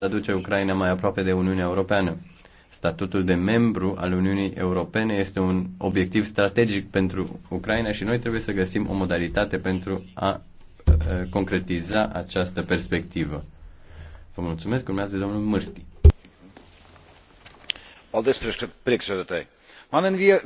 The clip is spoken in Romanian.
aduce Ucraina mai aproape de Uniunea Europeană. Statutul de membru al Uniunii Europene este un obiectiv strategic pentru Ucraina și noi trebuie să găsim o modalitate pentru a concretiza această perspectivă. Vă mulțumesc, urmează domnul Mârsti. Aldis priekšsēdētāji. Man envie